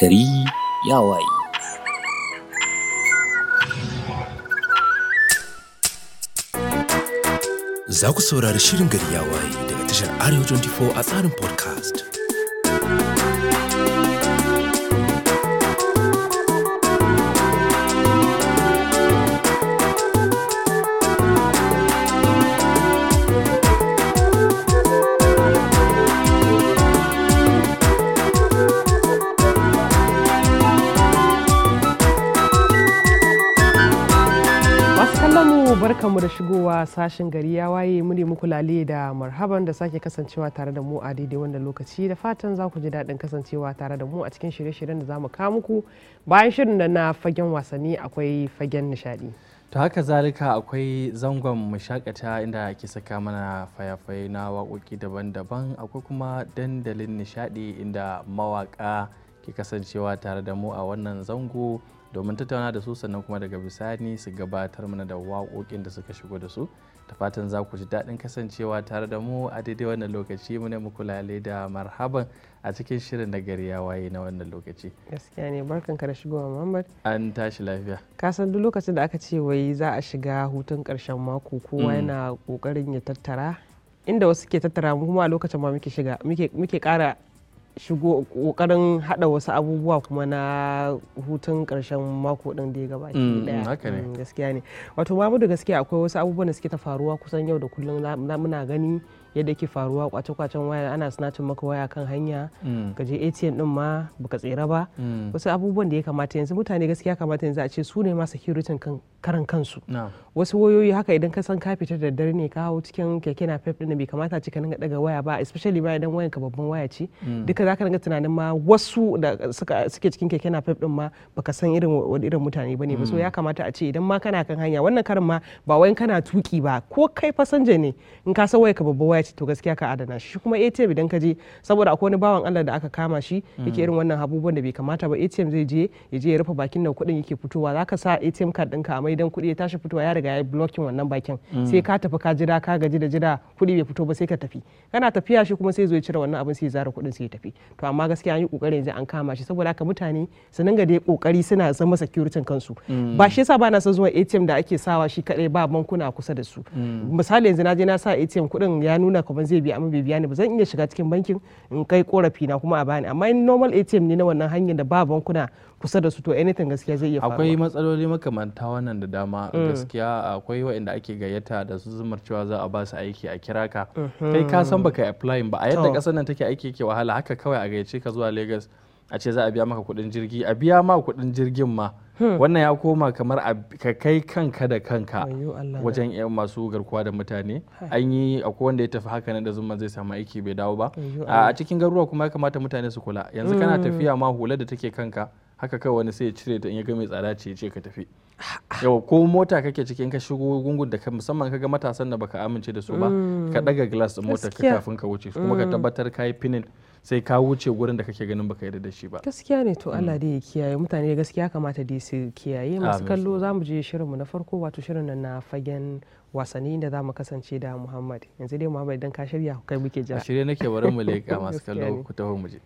gari ya waye. Za ku saurari shirin gari ya waye daga tashar Arewa 24 a tsarin podcast. mu da shigowa sashen gari ya waye muni muku lale da marhaban da sake kasancewa tare da mu a daidai wannan lokaci da fatan za ku ji daɗin kasancewa tare da mu a cikin shirye-shiryen da za mu kawo muku bayan shirin da na fagen wasanni akwai fagen nishaɗi. ta haka zalika akwai zangon mashakata inda ake saka mana fayafaye na waƙoƙi daban-daban akwai kuma dandalin nishaɗi inda mawaƙa ke kasancewa tare da mu a wannan zango domin tattauna da su sannan kuma daga bisani su gabatar mana da waƙoƙin da suka shigo da su ta fatan za ku ji daɗin kasancewa tare da mu a daidai wannan lokaci mu ne muku lale da marhaban a cikin shirin da gari ya waye na wannan lokaci gaskiya ne barkan ka da shigowa muhammad an tashi lafiya ka san duk lokacin da aka ce wai za a shiga hutun karshen mako kowa mm. yana kokarin ya tattara inda wasu ke tattara mu kuma a lokacin ma muke shiga muke kara shigo kokarin hada wasu abubuwa kuma na hutun karshen mako din da ya gabaki mm, daya mm, gaskiya ne wato mamudu gaskiya akwai wasu abubuwan da suke ta faruwa kusan yau da kullum muna gani yadda ke faruwa kwace-kwacen waya ana sinacin maka waya kan hanya ga mm. je atm din ma baka tsira ba mm. wasu abubuwan da ya kamata yanzu mutane gaskiya kamata yanzu a ce su ne ma security kan karan kansu wasu wayoyi haka idan ka san ka fita da dare ne ka hawo cikin keke na pep din bai kamata ce ka dinga daga waya ba especially ma idan wayan ka babban waya ce mm. duka zaka dinga tunanin ma wasu da suke cikin keke na pep din ma baka san irin irin mutane bane ba so ya kamata a ce idan ma kana kan hanya wannan karin ma ba wayan kana tuki ba ko kai fasanja ne in ka san waya ka babban waya ya ce to gaskiya ka adana shi kuma ATM idan ka je saboda akwai wani bawan Allah da aka kama shi mm. yake irin wannan abubuwan da bai kamata ba ATM zai je ya je ya rufe bakin nan kuɗin yake fitowa za ka sa ATM card ɗinka a maidan kuɗi ya tashi fitowa ya riga ya blocking wannan bakin mm. sai ka tafi ka jira ka gaji da jira kuɗi bai fito ba sai ka tafi kana tafiya shi kuma sai zo ya cire wannan abin sai ya zara kuɗin sai ya tafi to amma gaskiya an yi kokari yanzu an kama shi saboda haka mutane su dinga da kokari suna zama security kansu mm. ba shi yasa ba na son zuwa ATM da ake sawa shi kadai ba bankuna kusa da su misali yanzu na je na sa ATM kuɗin ya nuna nuna kamar zai biya amma bai biya ni ba zan iya shiga cikin bankin in kai korafi na kuma a bani amma in normal ATM ne na wannan hanyar da ba bankuna kusa da su to anything gaskiya zai iya faruwa akwai matsaloli makamanta wannan da dama mm. gaskiya akwai waɗanda ake gayyata da su zumar cewa za a ba su aiki a kira ka mm-hmm. kai ka san baka apply ba a yadda kasar nan take aiki ke wahala haka kawai a gayyace ka zuwa Lagos a ce za a biya maka kuɗin jirgi a biya ma kuɗin jirgin ma hmm. wannan ya koma kamar ka kai kanka da kanka wajen yan masu garkuwa da mutane an yi akwai wanda ya tafi haka da zuma zai samu aiki bai dawo ba a cikin garuruwa kuma ya kamata mutane su kula yanzu kana hmm. tafiya ma hula da take kanka haka kai wani sai ya cire ta in ya ga mai tsada ce ce ka tafi yau ko mota kake cikin ka shigo gungun da musamman kaga matasan da baka amince da su ba hmm. ka daga glass din motar ka kafin ka wuce kuma ka tabbatar ka yi pinin sai ka wuce wurin da kake ganin baka yarda da shi ba gaskiya ne to Allah mm. dai ya kiyaye mutane gaskiya kamata dai su kiyaye masu kallo zamu mu je shirinmu na farko wato shirin nan na fagen wasanni da zamu kasance da Muhammad yanzu dai Muhammad idan ka shirya kai muke jira a shirye nake bari mu leka masu kallo ku taho mu je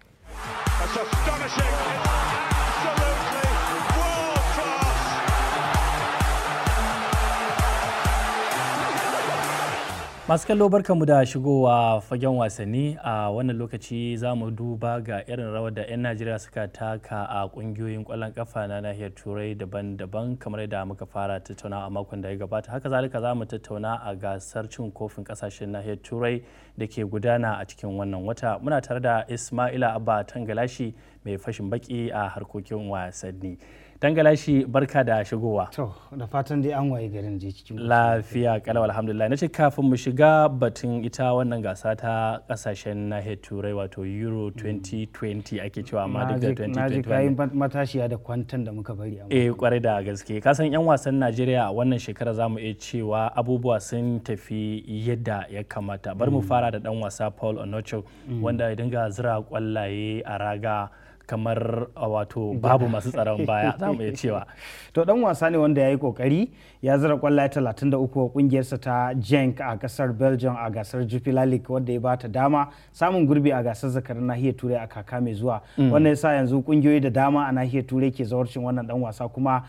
masu kallo barkanmu da shigowa fagen wasanni a wannan lokaci za mu duba ga irin rawar da 'yan najeriya suka taka a kungiyoyin kwallon kafa na nahiyar turai daban-daban kamar yadda muka fara tattauna a makon da ya gabata haka zalika za mu tattauna a gasar cin kofin kasashen nahiyar turai da ke gudana a cikin wannan wata muna tare da ismaila abba tangalashi mai fashin baki a harkokin wasanni Tangala shi barka da shigowa. To, da fatan dai an waye garin je cikin lafiya kalau alhamdulillah. Nace kafin mu shiga batun ita wannan gasa ta kasashen nahiyar Turai wato Euro 2020 mm. ake cewa amma duk da 2020. Na ji kayan matashiya da kwantan da muka bari. Eh, kware da gaske. Ka san yan wasan Najeriya wannan shekara zamu iya cewa abubuwa sun tafi yadda ya kamata. Bar mu mm. fara da dan wasa Paul Onocho mm. wanda ya dinga zira kwallaye a raga kamar wato babu masu tsaron baya za mu iya cewa to dan wasa ne wanda ya yi kokari ya zira kwallaye 33 kungiyarsa ta jenk a kasar belgium a gasar jupiler league wanda ya ba ta dama samun gurbi a gasar zakarin nahiyar turai a kaka mai zuwa mm. wannan sa yanzu kungiyoyi da dama a nahiyar turai ke zawarcin wannan dan wasa kuma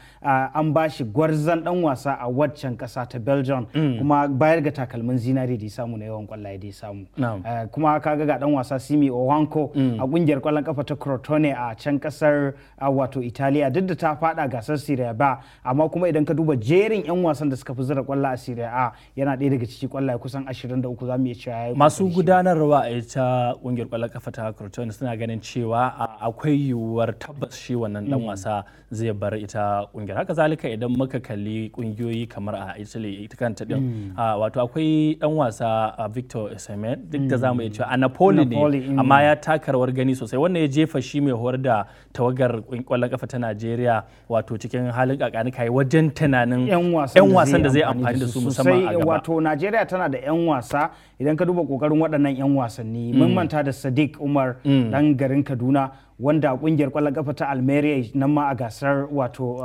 an ba shi gwarzan dan wasa a waccan kasa ta belgium mm. kuma bayar ga takalmin zinari da ya samu na yawan kwallaye da ya samu eh, kuma ka ga ga dan wasa simi owanko mm. a kungiyar kwallon kafa ta croton ne a can kasar wato italiya duk da ta fada gasar syria ba amma kuma idan ka duba jerin yan wasan da suka fi zira kwallo a syria a yana ɗaya daga ciki kwallaye kusan 23 za mu iya cewa masu gudanarwa a ita kungiyar kwallon kafa ta croton suna ganin cewa akwai yiwuwar tabbas shi wannan dan mm. wasa zai bar ita kungiyar haka zalika idan muka kalli kungiyoyi kamar a italy ita kanta din mm. wato akwai dan wasa victor osimhen duk da mu iya mm. cewa a napoli ne amma ya taka rawar gani sosai wannan ya jefa shi mai ya horar da tawagar kwallon kafa ta Najeriya wato cikin halin kakani kai wajen tunanin yan wasan da zai amfani da su musamman a gaba wato Najeriya tana da yan wasa idan ka duba kokarin waɗannan yan wasanni mun mm. manta da Sadiq Umar dan mm. garin Kaduna wanda kungiyar kwallon kafa ta almeria nan ma a gasar wato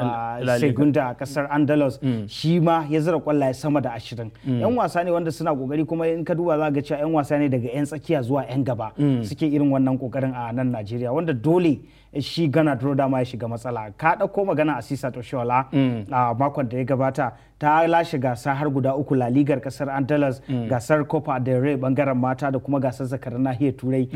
segunda a kasar andalus mm. shi ma ya zira kwallaye sama da ashirin mm. yan wasa ne wanda suna kokari kuma in ka duba za ga cewa yan wasa ne daga yan tsakiya zuwa yan gaba mm. suke irin wannan kokarin a nan najeriya wanda dole shi gana duro dama ya shiga matsala ka ɗauko magana a sisa shola mm. a makon da ya gabata ta lashe gasa har guda uku laligar kasar andalas mm. gasar copa del rey bangaren mata da kuma gasar zakarar nahiyar turai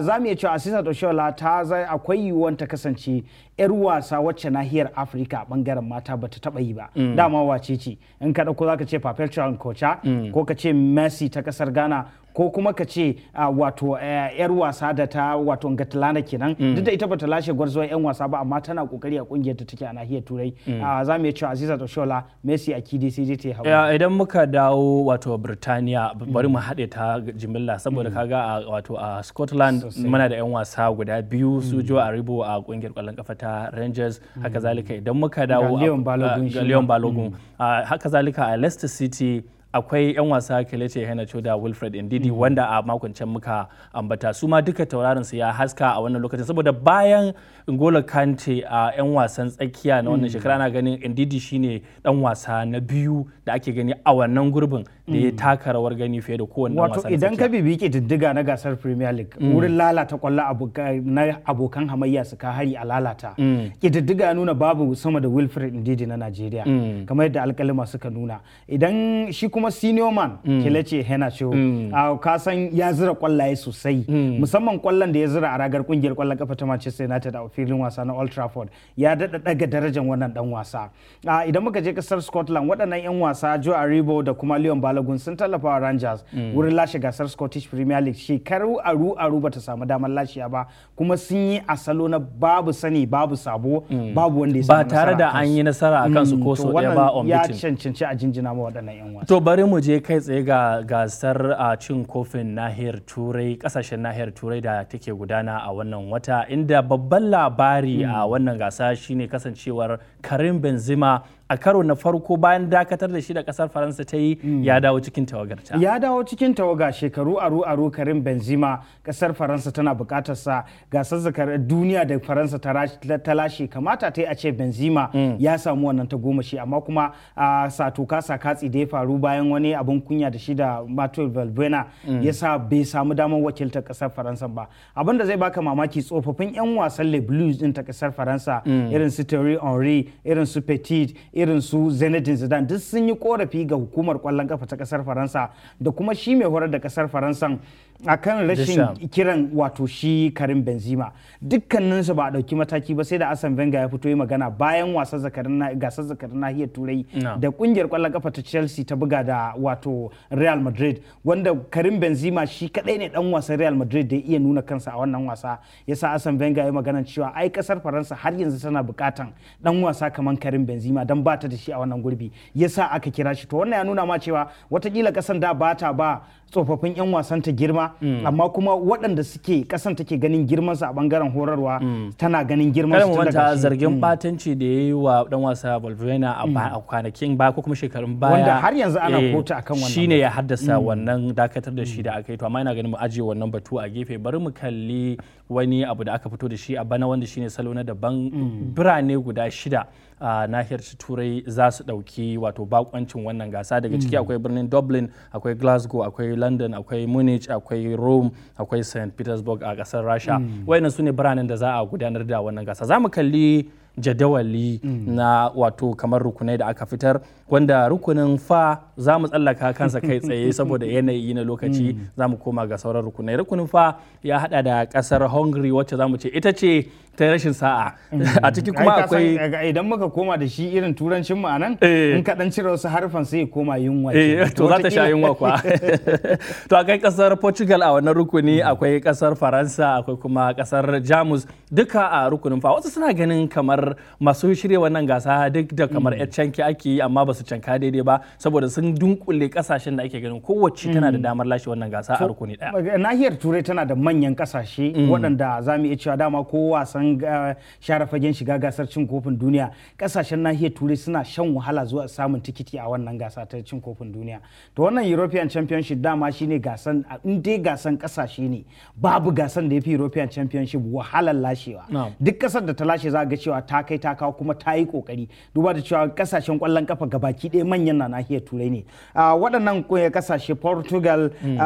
za mu iya cewa asisa shola ta zai akwai yiwuwan ta kasance yar wasa wacce nahiyar afirka bangaren mata bata taba yi ba mm. dama wace ce in ka ɗauko zaka ce perpetual kocha ko ka ce messi ta kasar ghana ko kuma ka ce wato yar wasa da ta wato gatalana kenan mm. duk da ita bata lashe gwarzo yan wasa ba amma tana kokari a kungiyar ta take a nahiyar turai mm. za mu iya cewa aziza da shola messi a kidi sai ta hawa idan muka dawo wato birtaniya bari mu mm. haɗe ta jimilla saboda kaga a wato a scotland muna da yan wasa guda biyu su jo a ribo a kungiyar kwallon kafa ta rangers haka zalika idan muka dawo a leon balogun haka zalika a leicester city akwai 'yan wasa Kelechi Iheanacho da Wilfred Ndidi mm-hmm. wanda a makon can muka ambata su ma duka tauraron su ya haska a wannan lokacin saboda bayan Ngolo Kante a 'yan wasan tsakiya na wannan mm. shekara ana ganin Ndidi shine dan wasa na biyu da ake gani a wannan gurbin da ya mm. taka rawar gani fiye da kowanne wato idan ka bibi kididdiga na gasar premier league mm. wurin lalata kwallo na abokan hamayya su ka hari a lalata mm. kididdiga ya nuna babu sama da wilfred ndidi na nigeria kamar yadda alkalima suka nuna idan shi kuma senior man kilece hena ce. ka san ya zira kwallaye sosai musamman kwallon da ya zira a ragar kungiyar kwallon kafa ta manchester united a filin wasa na old trafford ya dada daga darajar wannan dan wasa idan muka je kasar scotland waɗannan 'yan wasa joe aribo da kuma leon balo balagun sun tallafa wa rangers mm. wurin lashe gasar scottish premier league shekaru aru aru bata samu damar lashiya ba kuma sun yi a salo na babu sani babu sabo mm. babu wanda ya ba tare da an yi nasara a kansu mm, ko so ɗaya ba on ya cancanci a jinjina ma waɗannan yan wasa to bari mu je kai tsaye ga gasar a cin kofin nahiyar turai kasashen nahiyar turai da take gudana a wannan wata inda babban labari a wannan gasa shine kasancewar karim benzema a karo na farko bayan dakatar da shi da kasar faransa ta yi mm. ya dawo cikin tawagarta ya dawo cikin tawaga shekaru aru aru karim benzema kasar faransa tana bukatar sa sassa duniya da faransa ta lashe kamata ta yi a ce benzema mm. ya samu wannan ta goma shi amma kuma a sato kasa katsi da ya faru bayan wani abin kunya da shi da matthew valbuena mm. ya sa bai samu damar wakiltar kasar faransa ba abin da zai baka mamaki tsofaffin yan wasan le blues din ta kasar faransa irin su terry henry irin su petit irin su zenedin zidane duk sun yi korafi ga hukumar kwallon kafa ta kasar faransa da kuma shi mai horar da kasar faransa a kan rashin kiran wato shi karim benzema su ba a ɗauki mataki ba sai da asan venga ya fito yi magana bayan wasan gasar zakarin nahiyar turai da kungiyar kwallon kafa ta chelsea ta buga da wato real madrid wanda karim benzema shi kadai ne dan wasan real madrid da iya nuna kansa a wannan wasa yasa asan venga ya magana cewa ai kasar faransa har yanzu tana bukatan dan wasa kamar karim benzema dan bata da shi a wannan gurbi yasa aka kira shi to wannan ya nuna ma cewa watakila kasan da ba ta ba tsofaffin yan wasan ta girma mm. amma kuma waɗanda suke kasan take ganin girman su a bangaren horarwa mm. tana ganin girman su daga zargin batanci mm. da yayi wa dan wasa Valvena a kwanakin ba ko kuma shekarun baya wanda har yanzu ana eh, kota akan wannan shine ya haddasa wannan dakatar da shi da aka yi to amma ina ganin mu ajiye wannan batu a gefe bari mu kalli wani abu da aka fito da shi a bana wanda shine salo na daban birane guda shida a nahiyar turai za su ɗauki wato bakoncin wannan gasa daga ciki mm. akwai birnin dublin akwai glasgow akwai london akwai munich akwai rome akwai st petersburg a kasar rasha mm. wayannan su ne biranen da za a gudanar da wannan gasa za mu kalli jadawali mm. na wato kamar rukunai da aka fitar wanda rukunin fa za mu tsallaka kansa kai tsaye saboda yanayi na lokaci mm. za mu koma ga sauran rukunai rukunin fa ya hada da kasar hungary wacce za mu ce ita ce ta rashin sa'a mm. a ciki kuma akwai eh, idan muka koma da shi irin turancin mu anan eh. in kaɗan cire wasu harfan sai koma yunwa eh, to za ta sha yunwa kwa to akwai kasar portugal a wannan rukuni akwai kasar faransa akwai kuma kasar jamus duka a rukunin fa wasu suna ganin kamar masu shirya wannan gasa duk da kamar yar mm. canki ake yi amma ba su canka daidai ba saboda sun dunkule kasashen da ake ganin kowace tana da mm. damar lashe wannan gasa a rukuni daya nahiyar turai tana da manyan kasashe mm. waɗanda za mu iya cewa dama ko wasan share fagen shiga gasar cin kofin duniya kasashen nahiyar turai suna shan wahala zuwa samun tikiti a wannan gasa ta cin kofin duniya to wannan european championship dama shine gasan in dai gasan kasashe ne babu gasan da ya fi european championship wahalar lashewa duk kasar da ta lashe za a ga cewa ta kai ta kawo kuma ta yi kokari duba da cewa kasashen kwallon kafa gabaki ɗaya manyan na nahiyar turai ne waɗannan kasashe portugal mm.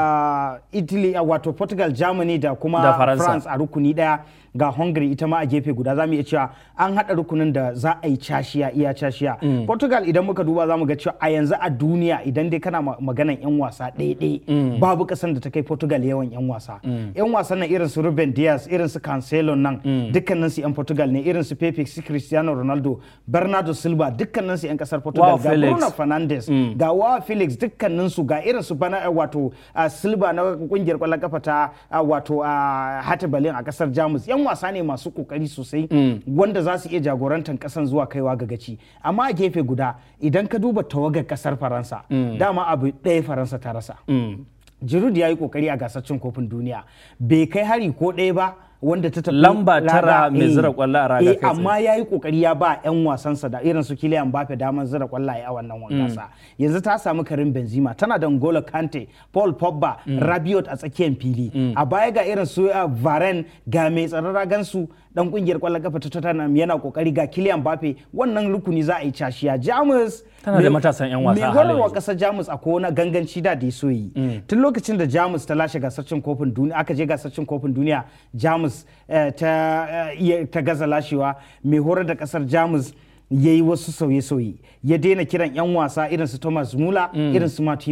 italy wato portugal germany da kuma france a rukuni ɗaya ga hungary ita ma a gefe guda za mu iya cewa an haɗa rukunin da za a yi cashiya iya cashiya mm. portugal idan muka duba za mu ga cewa a yanzu a duniya idan dai kana maganan yan wasa ɗaya mm. babu ƙasar da ta kai portugal yawan yan wasa yan wasan nan irin su ruben diaz irin su cancelo nan dukkanin su yan portugal ne irin su pepe Messi, cristiano ronaldo bernardo silva dukkanin su 'yan kasar portugal ga bruno fernandes mm. ga wa felix dukkanin su ga irin su bana wato silva na kungiyar kwallon kafa ta wato hata berlin a kasar jamus 'yan wasa ne masu kokari sosai mm. wanda za su iya jagorantar kasan zuwa kaiwa ga gaci amma a gefe guda idan ka duba tawagar kasar faransa mm. dama abu ɗaya faransa ta rasa Giroud ya yi kokari a gasar cin kofin duniya bai kai hari ko ɗaya ba wanda ta tafi lamba tara mai zira kwallo a raga eh, amma ya yi kokari ya ba yan wasansa da irin su Kylian bafe damar zira kwallaye a wannan mm. wankasa yanzu ta samu Karim Benzema tana da N'Golo Kante Paul Pogba mm. Rabiot a tsakiyar fili mm. a baya ga irin su uh, varen ga mai tsaron ragan su dan kungiyar kwallon kafa ta Tottenham yana kokari ga Kylian bafe wannan rukuni za a yi cashiya Jamus tana da matasan yan wasa halin yanzu. kasar Jamus a kona ganganci da da so yi. Tun lokacin da Jamus ta lashe gasar cin kofin duniya aka je gasar cin kofin duniya Jamus jamus eh, eh, ta gaza lashewa mai horar da kasar jamus ya yi wasu sauye-sauye ya daina kiran 'yan wasa irin su thomas mula mm. irin su matt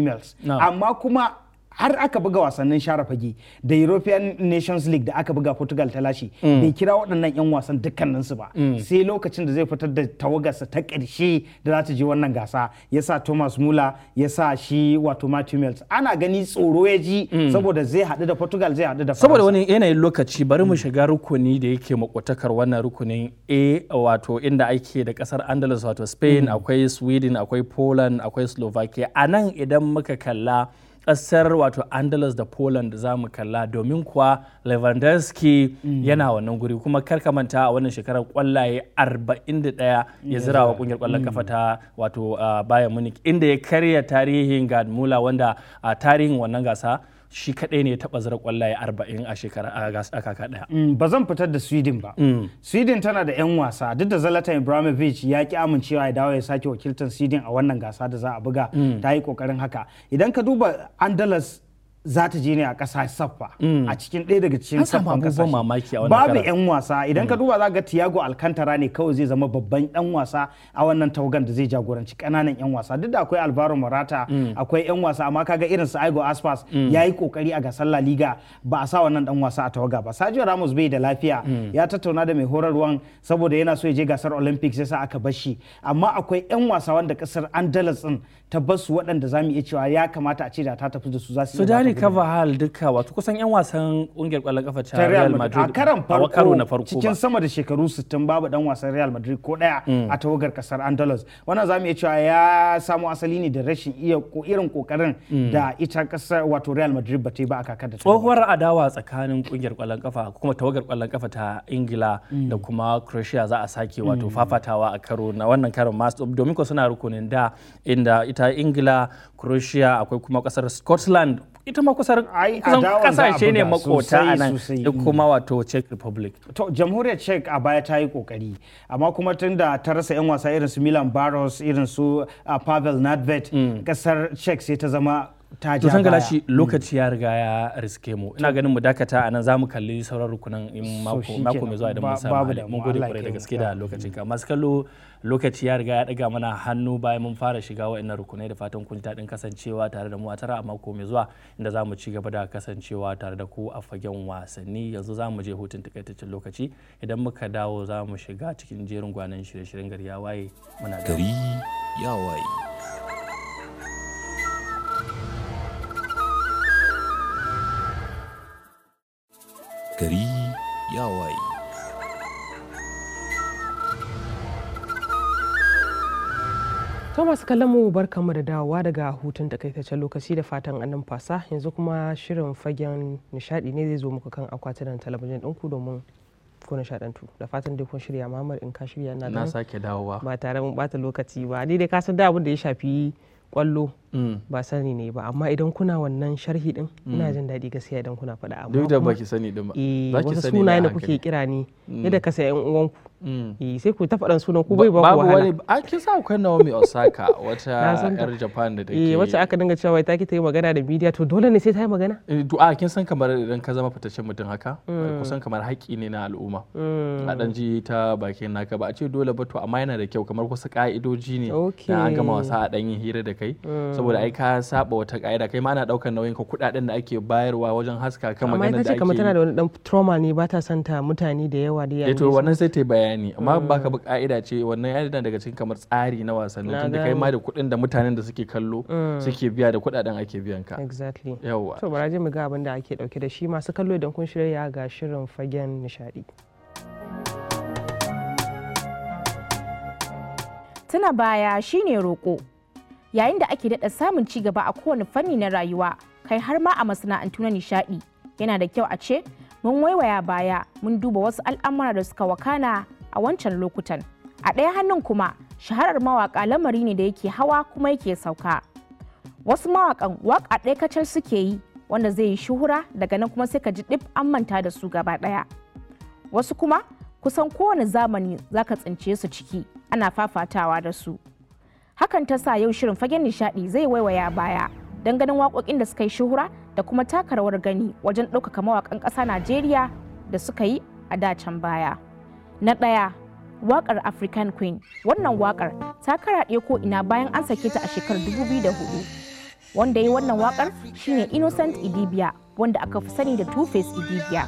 amma kuma har aka buga wasannin share fage da european nations league da aka buga portugal ta lashe mm. bai kira waɗannan 'yan wasan dukkanin su ba mm. sai lokacin da zai fitar da tawagarsa ta ƙarshe da za ta je wannan gasa ya sa thomas muller ya sa shi wato matthew mills ana gani tsoro ya ji mm. saboda zai haɗu da portugal zai haɗu da saboda wani yanayin lokaci bari mu shiga rukuni da yake makwatakar wannan rukunin a wato inda ake da kasar andalus wato spain akwai sweden akwai poland akwai slovakia a nan idan muka kalla kasar wato andalus da poland za mu kalla domin kuwa lewandowski mm. yana wannan guri kuma karka manta a wannan shekarar kwallaye 41 ya zira wa kungiyar kwallon kafa mm. ta wato ah, bayern munich inda ya karya tarihin gadmula wanda a ah, tarihin wannan gasa shi kaɗai ne ya taɓa zira ƙwallaye arba'in a shekara a kaka ɗaya. Mm, ba zan fitar da sweden ba mm. sweden tana da 'yan wasa duk da zalatan ibrahimovic ya ki amincewa ya dawo ya sake wakiltar sweden a wannan gasa da za a buga mm. ta yi kokarin haka idan ka duba andalas za ta je ne a ƙasa saffa mm. a cikin ɗaya daga cikin saffan ƙasashe babu 'yan wasa idan ka mm. duba za ga Tiago Alcantara ne kawai zai zama babban 'yan wasa a wannan tawagan da zai jagoranci ƙananan 'yan wasa duk da akwai Alvaro Morata mm. akwai 'yan wasa amma kaga irin su Aigo Aspas ya yi kokari a gasar La Liga ba a sa wannan dan wasa a tawaga ba Sergio Ramos bai da lafiya ya tattauna da mai horarwan saboda yana so ya je gasar Olympics ya sa aka bar shi amma akwai 'yan wasa wanda ƙasar Andalus din tabbas waɗanda za mu iya cewa ya kamata a ce da ta tafi da su za su yi. Sudani hal duka wato kusan 'yan wasan ƙungiyar ƙwallon ƙafa ta Real Madrid a karan farko cikin sama da shekaru 60 babu dan wasan Real Madrid ko daya mm. a tawagar kasar Andalus. Wannan za mu iya cewa ya samo asali ne da rashin iya irin kokarin mm. da ita ƙasar wato Real Madrid ba ta yi ba a kakar da Tsohuwar adawa tsakanin ƙungiyar ƙwallon kafa kuma tawagar ƙwallon ƙafa ta Ingila mm. da kuma Croatia za a sake wato fafatawa a karo na wannan karon masu domin ko suna rukunin da inda ita ta ingila croatia akwai kuma kasar scotland ita ma kusan kasashe ne makota a nan kuma wato czech republic to jamhuriyar czech a baya ta yi kokari amma kuma tun da ta rasa yan wasa irin su milan baros irin su uh, pavel nadvet kasar mm. czech sai ta zama to san shi mm. lokaci ya riga ya riske mu ina ganin mu dakata a nan zamu kalli sauran rukunan in mako mai zuwa idan mun samu mun gode kwarai da gaske da lokacin mm. ka masu kallo lokaci ya riga ya daga mana hannu bayan mun fara shiga wa'annan rukunai da fatan kun din kasancewa tare da mu a tara a mako mai zuwa inda zamu ci gaba da kasancewa tare da ku a fagen wasanni yanzu za mu je hutun takaitaccen lokaci idan muka dawo zamu shiga cikin jerin gwanan shirye-shiryen gari ya waye muna gari ya waye gari ya waye mu bar barkanmu da dawowa daga hutun takaitaccen lokaci da fatan an fasa yanzu kuma shirin fagen nishadi ne zai zo muku kan akwatunan talabijin ɗinku domin ko nishadantu da fatan dai kun shirya mamar in ka shirya na na sake dawowa ba tare mun bata lokaci ba ni dai ka san da abin da ya shafi kwallo mm. ba sani ne ba amma idan kuna wannan sharhi din mm. ina jin daɗi gaskiya idan kuna faɗa amma duk da baki sani din ba eh, wasu sunaye ne kuke kira ni mm. yadda ka sayan uwanku Mm. Eh, sai ku ta faɗan sunan ku bai ba ku wani a kin sa akwai Naomi Osaka wata yar Japan da take eh wacce aka dinga cewa wai take ta yi magana da media to dole ne sai ta yi magana eh, to a kin san kamar idan ka zama fitaccen mutum haka mm. kusan kamar haƙƙi ne na al'umma mm. a dan ji ta bakin naka ba a ce dole ba to amma yana da kyau kamar wasu ka'idoji ne na an gama wasa a dan yin hira da kai saboda ai ka saba wata ka'ida kai ma ana daukar nauyin ka kudaden da ake bayarwa wajen haska kan magana da ake amma ita ce kamar tana da wani dan trauma ne ba ta santa mutane da yawa da eh, yawa to wannan sai ta bayani bayani amma ba ka bi ka'ida mm. ce wannan ya daga cikin kamar tsari na wasanni tunda kai ma da kuɗin da mutanen da suke kallo mm. suke biya da kuɗaɗen ake biyan ka exactly yawa to bara mu ga abin da ake dauke da shi masu kallo idan kun shirya ga shirin fagen nishaɗi. tuna baya shine roƙo yayin da ake daɗa samun ci gaba a kowane fanni na rayuwa kai har ma a masana'antu na nishaɗi yana da kyau a ce mun waiwaya baya mun duba wasu al'amura da suka wakana a wancan lokutan a ɗaya hannun kuma shaharar mawaƙa lamari ne da yake hawa kuma yake sauka wasu mawaƙan waƙa ɗaya kacal suke yi wanda zai yi shuhura daga nan kuma sai ka ji ɗib an manta da su gaba ɗaya wasu kuma kusan kowane zamani za ka tsince su ciki ana fafatawa da su hakan ta sa yau shirin fagen nishaɗi zai waiwaya baya don ganin waƙoƙin da suka yi shuhura da kuma taka rawar gani wajen ɗaukaka mawaƙan ƙasa najeriya da suka yi a dacan baya. Na ɗaya, waƙar African Queen. Wannan waƙar ta karaɗe ko ina bayan an sake ta a shekarar 2004. Wanda yi wannan waƙar shine Innocent Idibia, wanda aka fi sani da Two-Face Idibia.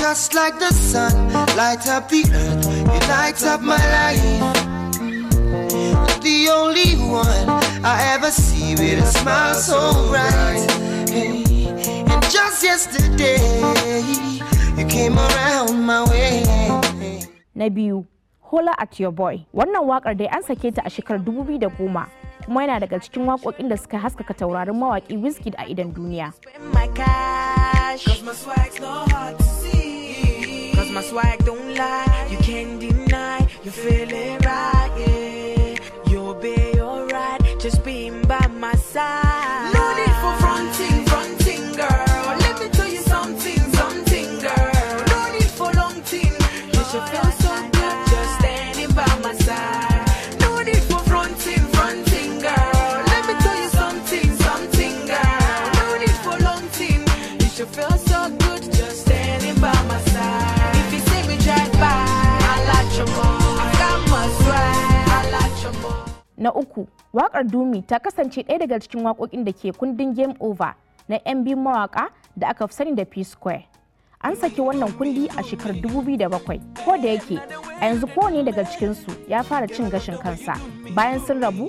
Just like the sun, light up the earth, it lights up my life. The only one I ever see with a smile so bright. Hey. just yesterday you came around my way. Na biyu, Hola at your boy. Wannan wakar dai an sake ta a shekarar 2010 kuma yana daga cikin waƙoƙin da suka haskaka taurarin mawaƙi Wizkid a idan duniya. Just being Na uku, waƙar Dumi ta kasance ɗaya daga cikin waƙoƙin da ke kundin Game Over na 'yan biyun mawaƙa da aka fi sani da P-Square. An saki wannan kundi a shekarar 2007, ko da yake a yanzu kowane daga cikinsu ya fara cin gashin kansa bayan sun rabu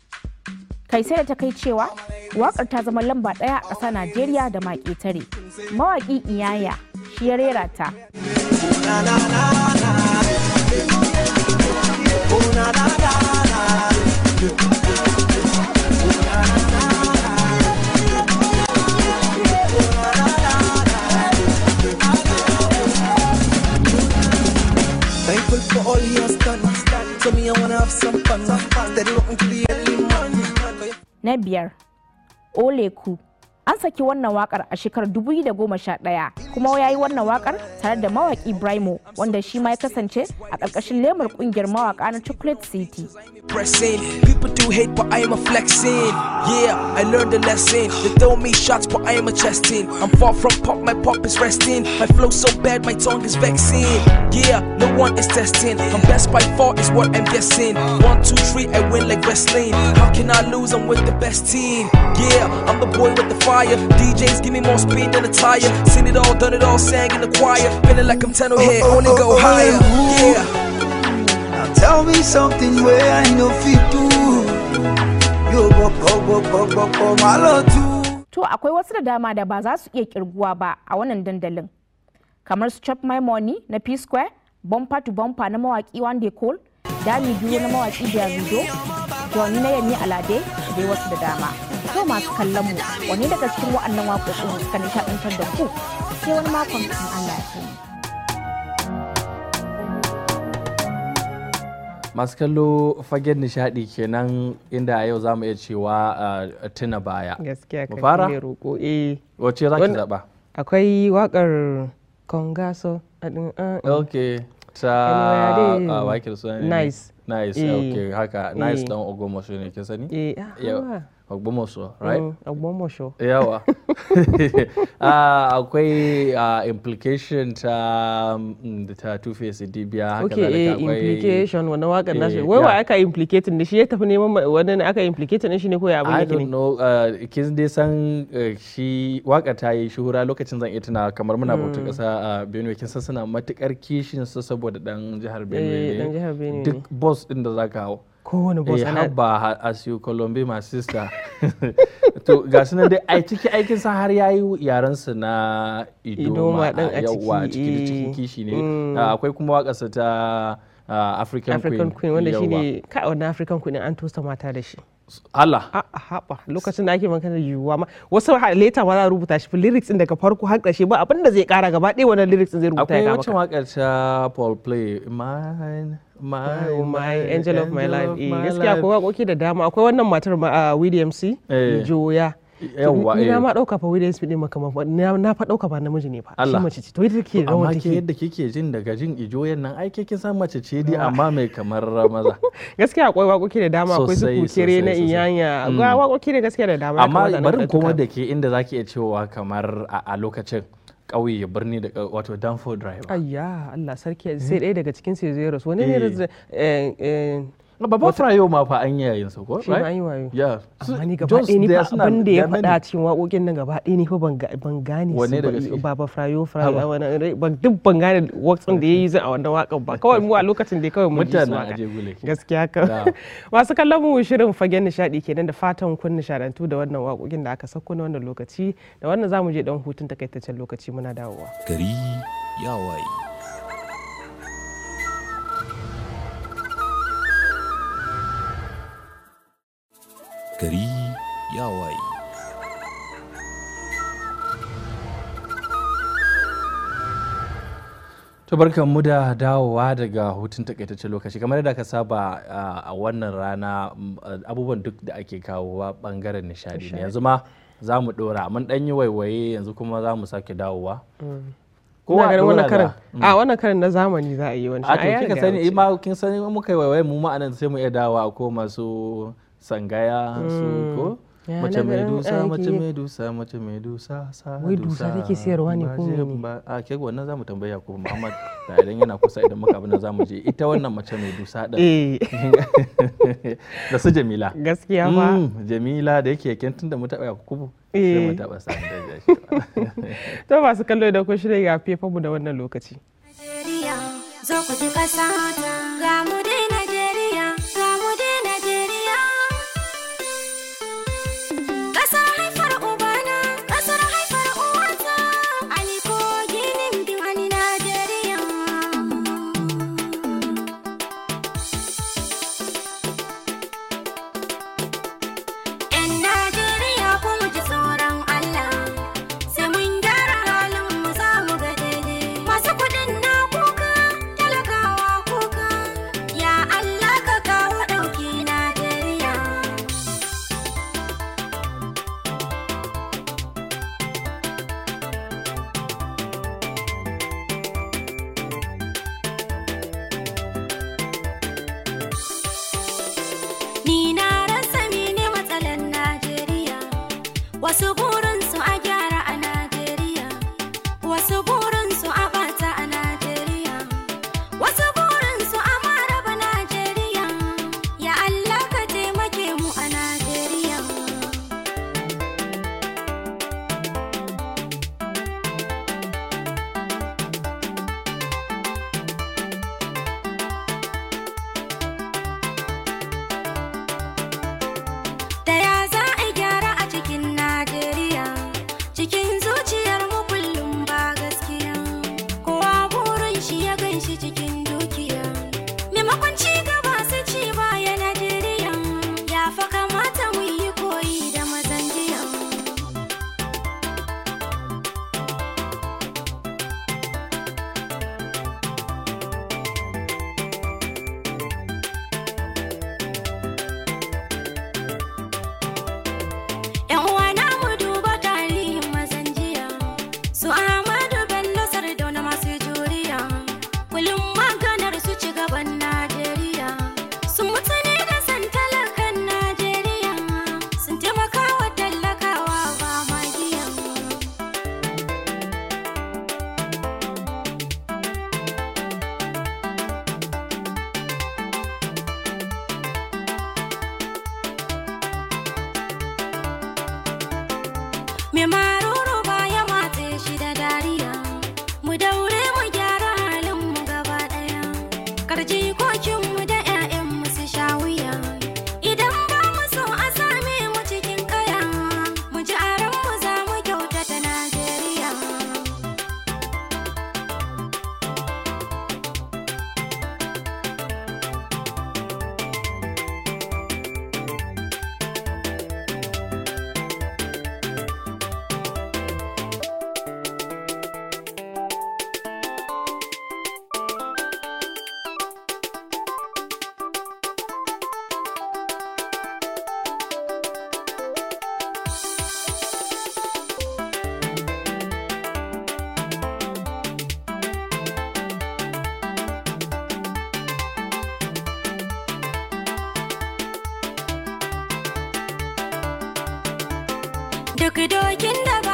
kai sai da ta kai cewa wakar ta zama lamba daya a ƙasa najeriya da ma ƙetare mawaƙi iyaya shi ya rera ta Thankful for all your stunts, done. So me, I wanna have some fun. Steady walking to the end. Na biyar, Ole Ku. an saki wannan wakar a shekarar 2011 kuma ya yi wannan wakar tare da mawaki Brimo wanda shi ma ya kasance a ƙarƙashin lemar ƙungiyar mawaka na Chocolate City. Pressing, people do hate, but I'm flexing. Yeah, I learned the lesson. They throw me shots, but I am a chesting. I'm far from pop, my pop is resting. My flow so bad, my tongue is vexing. Yeah, no one is testing. I'm best by far, is what I'm guessing. One, two, three, I win like wrestling. How can I lose? I'm with the best team. Yeah, I'm the boy with the fire fire. DJs give me more speed than a tire. Seen it all, done it all, sang in the choir. Feeling like I'm 10 here, I go oh, oh, oh, higher. Yeah. Now tell me something where I know fit do. Yo, bo, bo, bo, bo, bo, malo To akwai wasu da dama da ba za su iya kirguwa ba a wannan dandalin. Kamar su Chop My Money na P-Square, Bumper to Bumper na mawaki One Day Cole, Dami Biyu na mawaki Biazido, Johnny na Yemi Alade, da wasu da dama. to masu kallon mu wani daga cikin wa'annan waƙoƙin suka nishaɗantar da ku sai wani makon kan Allah ya sani. masu kallo fagen nishadi kenan inda yau za mu iya cewa eh, tuna baya mu fara eh. wace za ki zaba akwai wakar kongaso adin ah, ah. ta wakil ah, suna nice nice eh. ok haka nice dan ogomo ne ke sani eh Ogbomoso, mm, right? Ogbomoso. Yawa. Eh, akwai implication ta ta Two-Face Idibia. Okay, eh, implication wannan wakar nashi. Wai wa aka implicating da shi ya tafi neman wannan aka ne shi ne ko ya abin yake ne? I don't know. Ah, kin dai san eh, shi wakar ta yi shuhura lokacin zan iya tuna kamar muna bauta kasa mm. a Benue kin san suna matukar kishin su saboda dan eh, jihar Benue ne. Duk boss din da zaka hawo. kowane boss eh, ana ba as you colombi my sister to ga su nan dai ai ciki aikin sa har yayi yaran su na idoma a ciki cikin eh. kishi ne mm. akwai kuma wakasa ta Ah, african, african queen wanda shi ne kai wannan african queen an tosa mata da shi Allah. A haɓa lokacin da ake magana yiwuwa ma wasu leta ma za a rubuta shi lyrics din daga farko har ƙarshe ba abin da zai ƙara gaba ɗaya wannan lyrics din zai rubuta ya gaba. Akwai wacce waƙar ta Paul Play mine oh, my my angel of my life. Eh, gaskiya akwai waƙoƙi da dama akwai wannan matar ma ah, William C. Eh. Joya. yawa eh na ma dauka fa Will Smith din makaman na fa dauka ba namiji ne fa shi mace ce to yadda kike rawa take amma yadda kike jin daga jin ijo nan ai kike san mace ce dai ah. amma mai kamar maza gaskiya akwai wakoki da dama akwai su kukere na iyanya mm. akwai wakoki da gaskiya da dama amma bari kuma da ke inda zaki iya cewa kamar a lokacin ƙauye birni da wato danford drive ayya Allah sarki hmm? sai ɗaya daga cikin sai zai rasu wani ne ba ba fara yau ma fa an yayin sa ko shi ba yi wayo ya amma ni gaba ɗaya ni fa abin da ya faɗa cikin waƙoƙin nan gaba ɗaya ni fa ban gane su yau frayo frayo wani duk ban gane waƙoƙin da yayi a wannan wakan ba kawai mu a lokacin da kawai mun ji su waka gaskiya ka masu kallon mu shirin fagen nishaɗi kenan da fatan kun nishadantu da wannan waƙoƙin da aka sako na wannan lokaci da wannan zamu je dan hutun takaitaccen lokaci muna dawowa gari ya waye gari ya waye tabarkan mu da dawowa daga hutun takaitaccen lokaci kamar da ka saba a wannan rana abubuwan duk da ake kawowa bangaren nishadi ne yanzu ma za mu dora mun dan yi waiwaye yanzu kuma za mu sake dawowa mm. kowa ga wannan karin a wannan karin mm. na zamani za a yi wancan a yi kika sani ma kin sani muka yi waiwaye mu ma anan sai mu iya dawowa ko masu sangaya su hmm. ko mace mai dusa mace mai dusa mace mai dusa sa wai dusa take siyarwa ne ko ne a ke wannan zamu tambaya ko Muhammad da idan yana kusa idan muka abin zamu je ita wannan mace mai dusa din eh. da su Jamila gaskiya ma hmm, Jamila da yake kin tunda mu taba kubu sai eh. mu taba sa da shi to masu kallo da ku shirye ga fefa mu da wannan lokaci Zo ku ji kasa ga mu da duk dokin da ba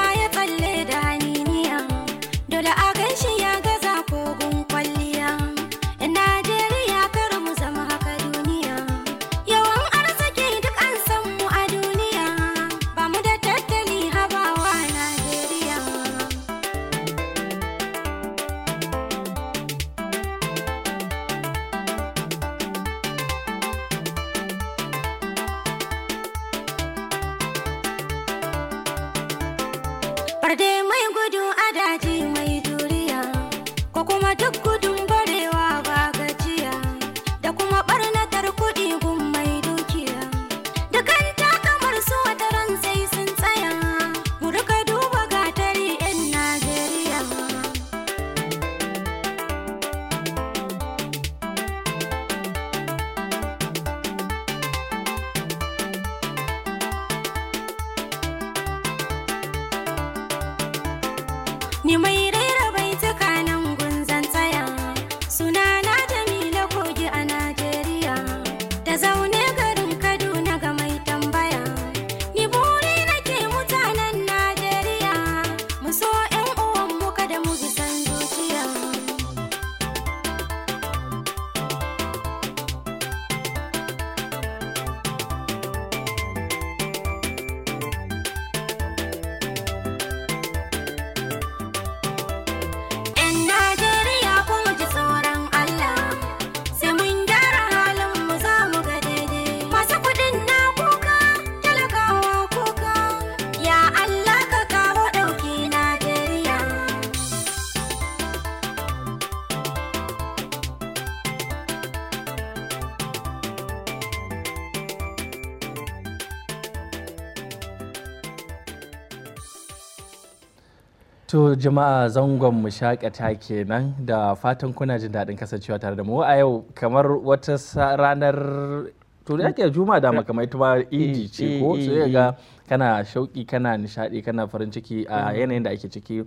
To jama'a zangon mu shakata kenan da fatan kuna jin daɗin kasancewa tare da mu a yau kamar wata ranar to da yake juma da makamai eh, idi ce eh, ko sai eh, ga kana shauki kana nishaɗi kana farin ciki a mm. yanayin da ake ciki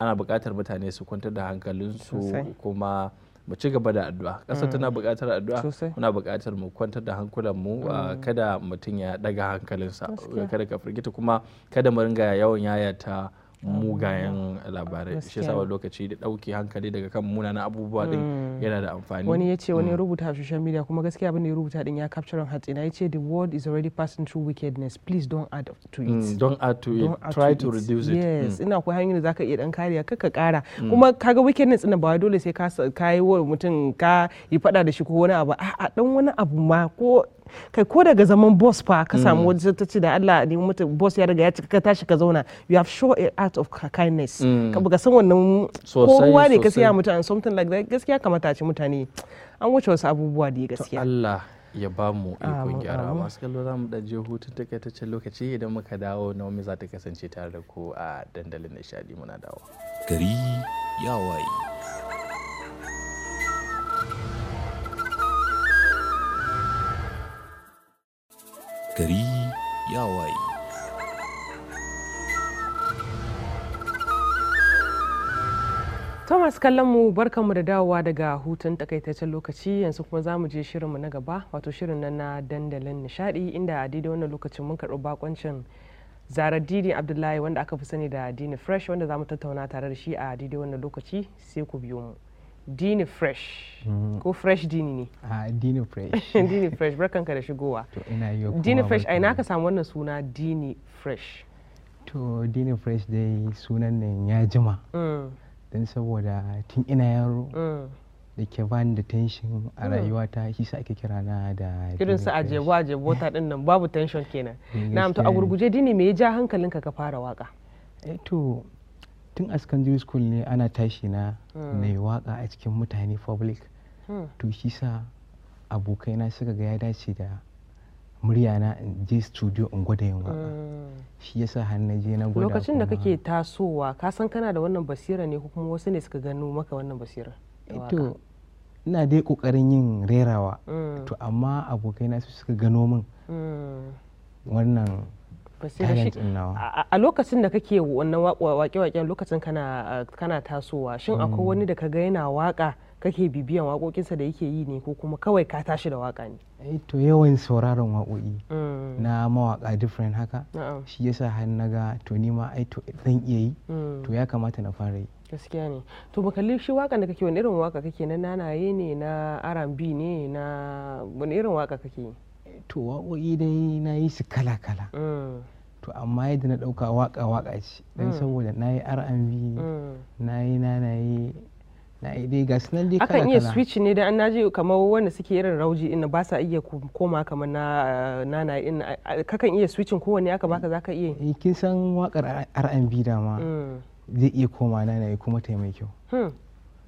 ana buƙatar mutane su kwantar da hankalinsu kuma mu ci gaba da addu'a ƙasar tana mm. buƙatar addu'a muna buƙatar mu kwantar da hankulan mu mm. kada mutum ya daga hankalinsa kada ka firgita kuma kada mu ringa yawan yayata mugayen labarai shi yasa wani lokaci da ɗauke hankali daga kan munanan abubuwa din hmm. yana da amfani wani ya ce wani ya hmm. rubuta a social media kuma gaskiya abin da ya rubuta din ya capture on hatsina ya ce the world is already passing through wickedness please don't add hmm, to it don't add to it try to, reduce it yes ina akwai hanyoyin da zaka iya dan kariya kaka kara kuma kaga wickedness din ba dole sai ka kai wa mutum ka yi fada da shi ko wani abu a'a dan wani abu ma ko kai ko daga zaman boss fa ka samu mm. wani ta ce da Allah ne mutum boss ya riga ya cika ka tashi ka zauna you have show a art of kindness mm. ka buga san wannan kowa ne ka siya mutane something like that gaskiya kamata ce mutane an wuce wasu abubuwa da gaskiya Allah ya ba mu ikon gyara masu kallo za mu je hutun takaitaccen lokaci idan muka dawo naomi za ta kasance tare da ku a dandalin nishadi muna dawo gari ya waye gari ya waye Thomas mu barkanmu da dawowa daga hutun takaitaccen lokaci yanzu kuma za mu je shirinmu na gaba wato shirin nan na dandalin nishadi inda a daidai wannan lokacin mun karɓi bakoncin zarar dini abdullahi wanda aka fi sani da dini fresh wanda za mu tattauna tare da shi a daidai wannan lokaci sai ku biyo mu. dini fresh mm-hmm. ko fresh dini ne ah, dini fresh dini fresh kanka da shigowa dini fresh ai naka samu wannan suna dini fresh to dini fresh dai sunan nan ya jima mm. don saboda tun ina yaro mm. da ke bani da tension a mm. rayuwata shi sa ake kira na da irin su ajebo ajebo ta din nan babu tension kenan na amta a gurguje dini me ya ja hankalinka ka fara waka eh, to tun a secondary school ne ana tashi na Mai hmm. waka a cikin mutane public hmm. to shi sa abokaina suka ga ya dace da murya na je studio in gwada yin waka hmm. shi yasa har na je na gwada lokacin da kake tasowa ka san kana da wannan basira ne ko kuma wasu ne suka gano maka wannan basira eh, to ina dai kokarin yin rerawa to amma abokaina su suka gano min wannan shi a lokacin da kake wannan wake wake lokacin kana tasowa shin akwai wani mm. da ka ga yana waka kake bibiyan waƙoƙinsa da yake yi ne ko kuma kawai ka tashi da waƙa ne eh to yawan sauraron waƙoƙi mm. na mawaƙa different haka shi yasa har na ga to ni ma ai to zan iya yi mm. to ya kamata na fara yi gaskiya ne to ba kalli shi waƙan da kake wani irin waƙa kake na nanaye ne na R&B ne na wani irin waƙa kake to waƙoƙi dai na yi su kala kala to amma yadda na ɗauka waka waka ce don mm. saboda na yi R&B mm. na yi nanaye na yi dai ga sunan dai akan iya switch ne da an naji kamar wanda suke irin rauji ina ba sa iya koma kamar na na ina kakan iya switching kowanne aka baka zaka iya yi eh, kin san wakar R&B dama mm. zai iya koma nanaye kuma ta mai kyau hmm.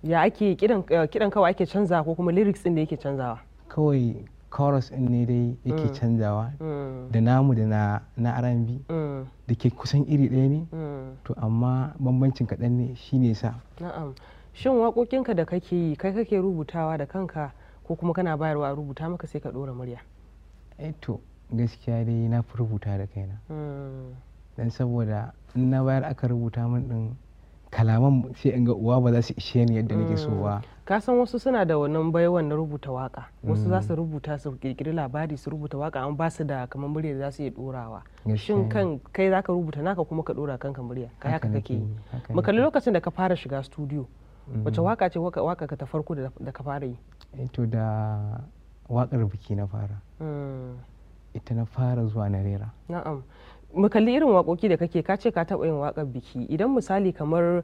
ya ake kidan eh, kawai ake canza ko kuma lyrics din da yake canzawa kawai chorus in ne dai yake mm. canzawa mm. da namu da na R&B mm. da ke kusan iri ɗaya ne to amma bambancin kaɗan ne shine sa na'am shin waƙoƙinka da kake yi kai kake rubutawa da kanka ko kuma kana bayarwa rubuta maka sai ka ɗora murya eh to gaskiya dai na fi rubuta da kaina dan saboda in na bayar aka rubuta min din kalaman sai in ga uwa ba za su ishe ni yadda nake so ba ka san wasu suna da wannan baiwan na rubuta waka wasu za su mm. rubuta su kirkiri labari su rubuta waka an ba su da kamar murya da za su iya dorawa shin kan kai zaka rubuta naka kuma ka dora kanka murya ka haka kake yi mu kalli lokacin da ka fara shiga studio mm. wace waka ce waka ka ta farko da ka fara yi eh to da wakar biki na fara mm. ita na fara zuwa na rera na'am mu kalli irin waƙoƙi da kake kace ka taɓa yin waƙar biki idan misali kamar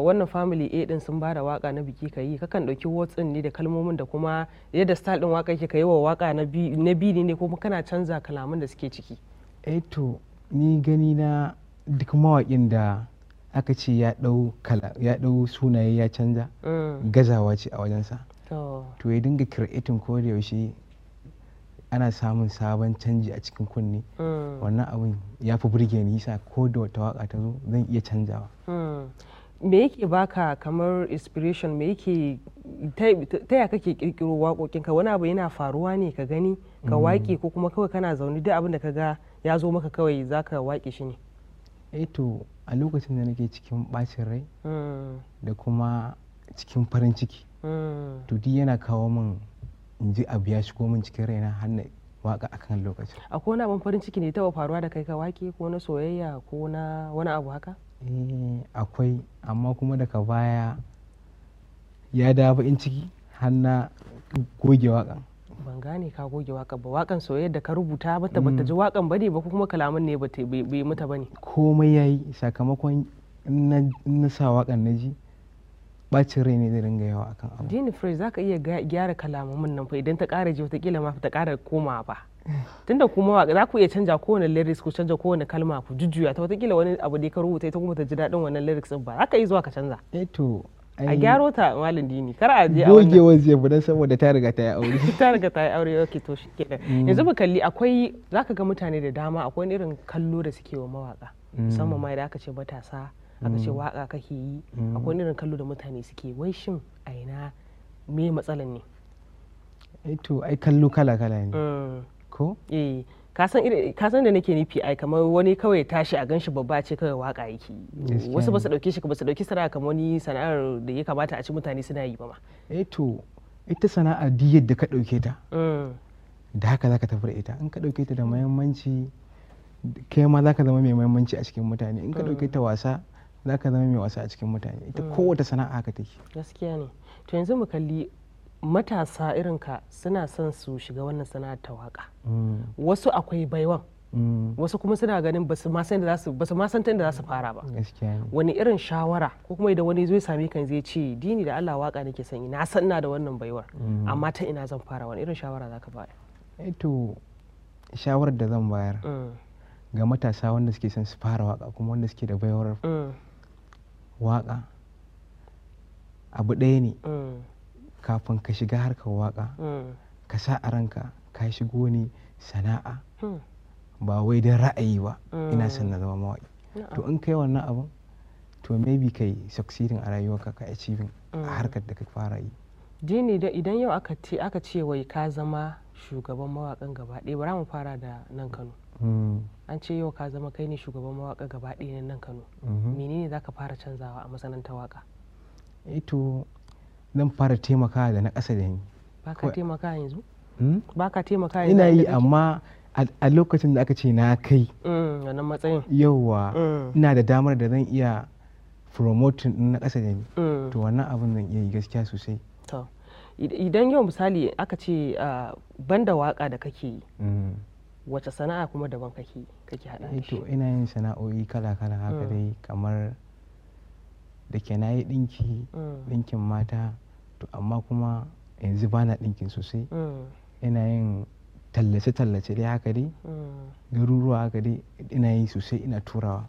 wannan family a din sun bada waƙa na biki ka yi kakan ɗauki watsin ne da kalmomin da kuma yadda style din waƙa ke ka yi wa waƙa na bi ne ko kana canza kalaman da suke ciki eh to ni gani na duk mawaƙin da aka ce ya ɗau sunaye ya canza mm. gazawa ce a wajensa to ya dinga creating ko da yaushe ana samun sabon canji a cikin kunne mm. wannan abin ya fi burge ni sa ko da wata waka ta zo zan iya canjawa mm. me yake baka kamar inspiration me yake ta ya kake kirkiro ka wani abu yana faruwa ne ka gani ka mm. waƙe ko kuma kawai kana zaune duk abin da ka ga ya zo maka kawai za ka waƙe shi ne eh to a lokacin da nake cikin bacin rai da kuma cikin farin ciki to yana kawo min in ji abu ya shigo min cikin raina har na waka kan lokacin ko na abin farin ciki ne taba faruwa da kai ka wake ko na soyayya ko na wani abu haka eh akwai amma kuma daga baya ya da in ciki har na goge wakan ban gane ka goge wakan ba wakan soyayya da ka rubuta bata bata mm. ji wakan bane ba ko kuma kalaman ne bata bai mata bane komai yayi sakamakon na sa wakan na ji bacin rai ne zai ringa yawa akan abu dini fresh zaka iya gyara kalamomin nan fa idan ta ƙara ji watakila ma ta ƙara koma ba tunda kuma za ku iya canja kowane lyrics ku canja kowane kalma ku jujjuya ta kila wani abu da ka rubuta ita kuma ta ji daɗin wannan lyrics din ba ka yi zuwa ka canza eh to a gyaro ta malin dini kar a je a wannan gogewar zai bu saboda ta riga ta yi aure ta riga ta yi aure okay to shikenan mm. yanzu ba kalli akwai ka ga mutane da dama akwai irin kallo da suke wa mawaka mm. musamman ma idan aka ce matasa aka ce mm. waka kake yi mm. akwai irin kallo da mutane suke wai shin aina me matsalan ne ai eh to ai kallo kala kala ne mm. ko eh ka san da nake nufi ai kamar wani kawai tashi a ganshi babba ce kawai waka yake wasu ba su dauke shi ba su dauki sana'a kamar wani sana'ar da ya kamata a ci mutane suna yi ba ma eh to ita sana'a di yadda ka dauke ta da haka zaka tafi da ita in ka dauke ta da muhimmanci kai ma zaka zama mai muhimmanci a cikin mutane in ka dauke ta wasa za ka zama mai wasu a cikin mutane ita mm. kowace sana'a haka take gaskiya ne to yanzu mu kalli matasa irin ka suna son su shiga wannan sana'ar ta waka mm. wasu akwai baiwan mm. wasu kuma suna ganin ba su ma san za su fara ba wani irin shawara ko kuma idan wani zai same kan zai ce dini da Allah waka nake son na san na da wannan baiwar amma ta ina zan fara wani irin shawara za ka bayar eto eh to shawarar da zan bayar ga matasa wanda suke son su fara waka kuma wanda suke da baiwar Waka abu ɗaya ne mm. kafin ka shiga harkar waka mm. ka sa a ranka ka shigo ne sana'a hmm. ba wai don ra'ayi ba mm. ina son na zama mawaƙi to in kai wannan abin to maybe kai succeeding a rayuwarka ka achieving a harkar da ka fara yi jini da idan yau aka ce aka ce wai ka zama shugaban mawakan gaba ɗaya bara mu fara da nan kano hmm. an ce yau ka zama kai ne shugaban mawaka gaba ɗaya nan kano mhm. menene za ka fara canzawa a masananta waka ito eh zan fara taimakawa da na ƙasa da ni ba ka taimaka yanzu hmm? ba ka taimaka yanzu ina yi amma a lokacin da aka ce na kai mm, wannan matsayin yauwa mm. ina da damar da zan iya promoting na ƙasa da ni mm. to wannan abin zan iya yi gaskiya sosai idan yau misali aka ce ah, banda waka da kake yi wace sana'a kuma daban kake kake hada eh shi to ina yin sana'o'i kala-kala haka dai mm. kamar da ke na yi dinki dinkin mm. mata to amma kuma yanzu bana na dinkin sosai mm. ina yin tallace-tallace dai haka dai garuruwa haka dai ina yi sosai ina turawa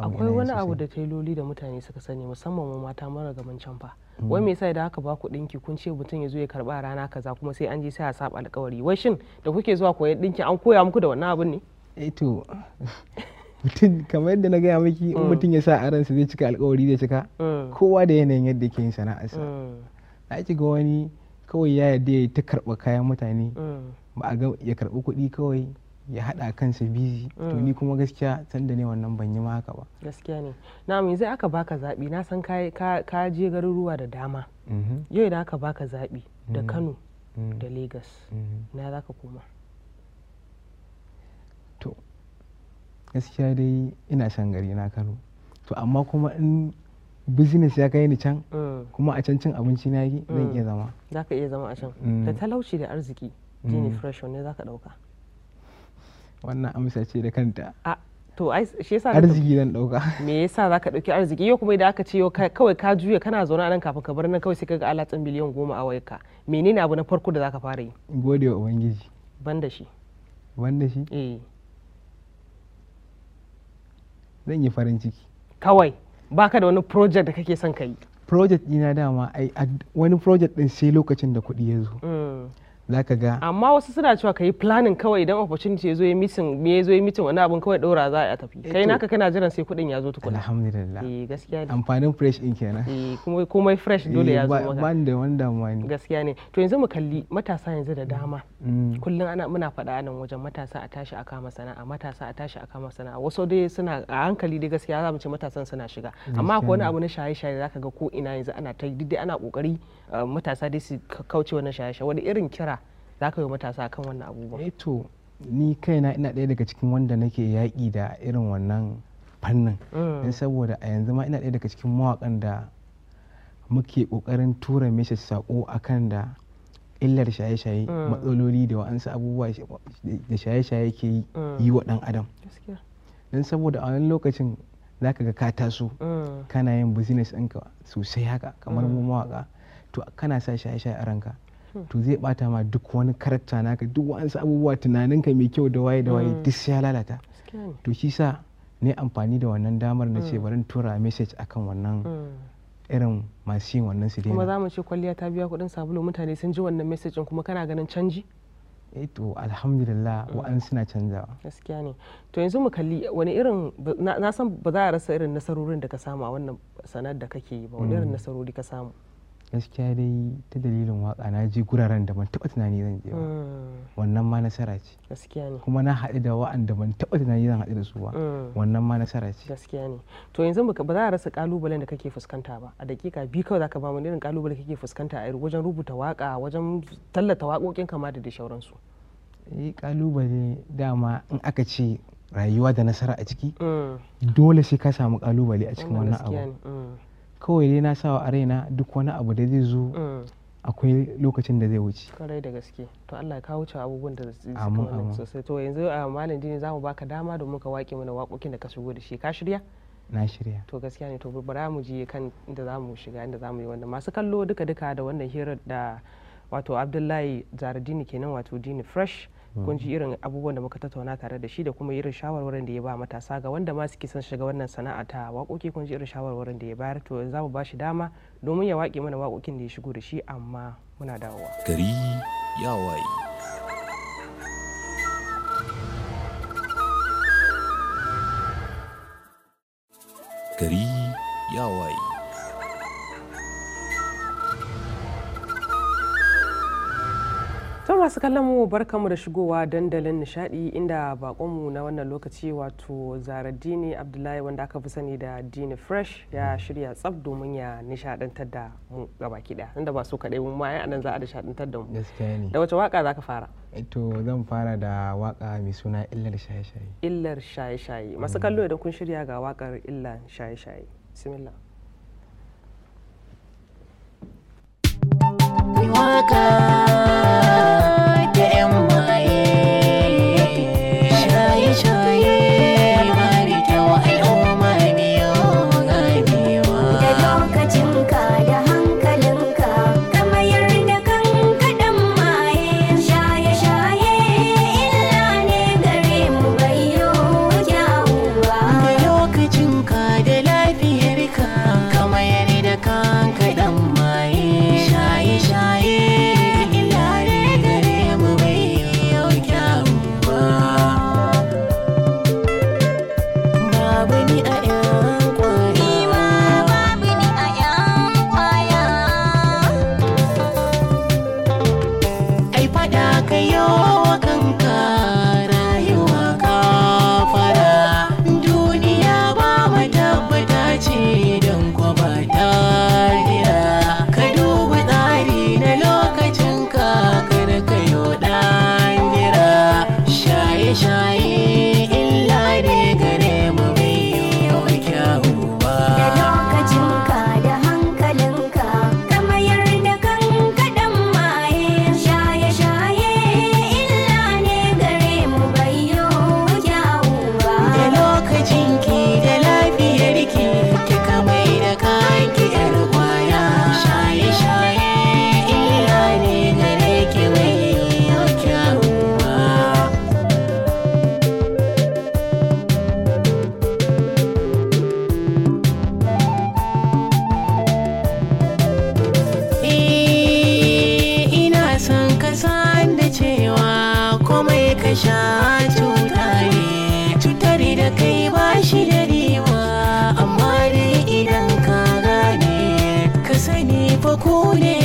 akwai wani abu da tailoli da mutane suka sani musamman mu mata mara gaban can fa hmm. wai me yasa idan haka ba ku dinki kun ce mutum ya zo ya karba rana kaza kuma sai an je sai a saba alƙawari wai shin da kuke zuwa koyar dinki an koya muku da wannan abun ne eh to mutum kamar yadda na gaya miki in hmm. mutum ya sa a ransa zai cika alƙawari zai cika hmm. kowa da yanayin yadda ke yin sana'arsa na ga wani kawai ya yarda ya ta karɓa kayan mutane ba a ga ya karɓi kuɗi kawai ya haɗa kansa busy to mm. ni kuma gaskiya sanda ne wannan ban yi maka haka ba gaskiya ne na mu zai aka baka zaɓi na san ka je garuruwa da dama mm-hmm. yau da aka baka zaɓi da mm-hmm. kano mm-hmm. da lagos na za ka koma to gaskiya dai ina san gari na kano to amma kuma in business ya kai ni can mm. kuma a can cin abinci na yi zan mm. iya zama za ka iya zama a can da talauci da arziki jini fresh wanne za ka ɗauka wannan amsa ce da kanta to ai shi yasa arziki zan dauka me yasa zaka dauki arziki yau kuma idan aka ce yau kawai ka juya kana zaune nan kafin ka bar nan kawai sai kaga alatsin biliyan goma a wayarka menene abu na farko da zaka fara yi gode wa ubangiji ban da shi ban da shi eh zan yi farin ciki kawai baka da wani project da kake son ka yi project dina dama ai wani project din sai lokacin da kuɗi ya zo mm. zaka ga amma wasu suna cewa ka yi planning kawai idan opportunity ya zo ya mitin me ya zo ya mitin wani abun kawai daura za a tafi eh kai naka kana jiran sai kudin ya zo tukuna alhamdulillah eh gaskiya ne amfanin fresh in kenan eh kuma komai fresh eh, dole ya zo maka ni da wani damuwa ne gaskiya ne to yanzu mu kalli matasa yanzu da dama mm. kullum ana muna faɗa nan wajen matasa a tashi a kama sana'a matasa a tashi a kama sana'a wasu dai suna a hankali dai gaskiya za mu ce matasan suna shiga amma akwai wani abu na shaye-shaye zaka ga ko ina yanzu ana ta duk ana kokari eh, matasa dai su kauce wannan shaye-shaye wani irin kira za ka yi matasa kan wannan abubuwan eh to ni kaina ina ɗaya daga cikin wanda nake yaƙi da irin wannan fannin mm. don saboda a yanzu ma ina ɗaya daga cikin mawaƙan da muke ƙoƙarin tura mesa saƙo kan da illar shaye-shaye mm. matsaloli da wa'ansu abubuwa da shaye-shaye ke yi mm. wa ɗan adam don saboda a wani lokacin za ka ga ka taso kana yin business ɗinka sosai haka kamar mu mawaƙa to kana sa shaye-shaye a ranka to zai bata ma duk wani karakta naka duk wa'ansu abubuwa tunaninka mai kyau da waye da waye mm. duk sai ya lalata to shi sa ne amfani da wannan damar na ce mm. bari tura message akan wannan mm. irin masu yin wannan su kuma za mu ce kwalliya ta biya kuɗin sabulu mutane sun ji wannan message kuma kana ganin canji eh to alhamdulillah wa'an suna canzawa gaskiya ne to yanzu mu kalli wani irin na san ba za a rasa irin nasarorin da ka samu a wannan sanar da kake yi ba wani irin nasarori ka samu gaskiya dai ta dalilin waka na ji guraren da ban taba tunani zan je ba mm. wannan ma nasara ce gaskiya ne kuma na haɗu da wa'anda ban taba tunani zan haɗu da su ba mm. wannan ma nasara ce gaskiya ne to yanzu ba za a rasa kalubalen da kake fuskanta ba a dakika biyu kawai zaka ba mu irin kalubalen kake fuskanta a wajen rubuta waka wajen tallata waƙoƙin kama da da shauransu eh kalubale dama in aka ce rayuwa da nasara a ciki mm. dole sai ka samu kalubale a cikin wannan abu kawai dai na sawa a raina duk wani abu da zai zo mm. akwai lokacin da zai wuce kwarai da gaske to Allah ya kawo cewa abubuwan da zai wani sosai to yanzu a ah, malam jini za mu baka dama domin ka waƙe mana waƙoƙin da ka shigo da shi ka shirya na shirya to gaskiya ne to bara mu je kan inda za mu shiga inda za mu yi wannan masu kallo duka duka da wannan hirar da wato abdullahi zaradini kenan wato dini fresh kun ji irin abubuwan da muka tattauna tare da shi da kuma irin shawarwarin da ya ba matasa ga wanda ma suke son shiga wannan sana'a ta waƙoƙi kun ji irin shawarwarin da ya bayar to za mu ba shi dama domin ya waƙe mana waƙoƙin da ya shigo da shi amma muna dawowa gari ya waye gari ya waye masu kallon mu barkamu da shigowa dandalin nishadi inda bakonmu na wannan lokaci wato dini abdullahi wanda aka fi sani da dini fresh ya shirya tsaf domin ya nishadantar da mu gabaki daya inda ba so kaɗai mu ma a nan za a nishadantar da mu da wace waka za ka fara eh to zan fara da waka mai suna illar shaye-shaye illar shaye-shaye masu kallo idan kun shirya ga wakar illar shaye-shaye bismillah waka Cooling.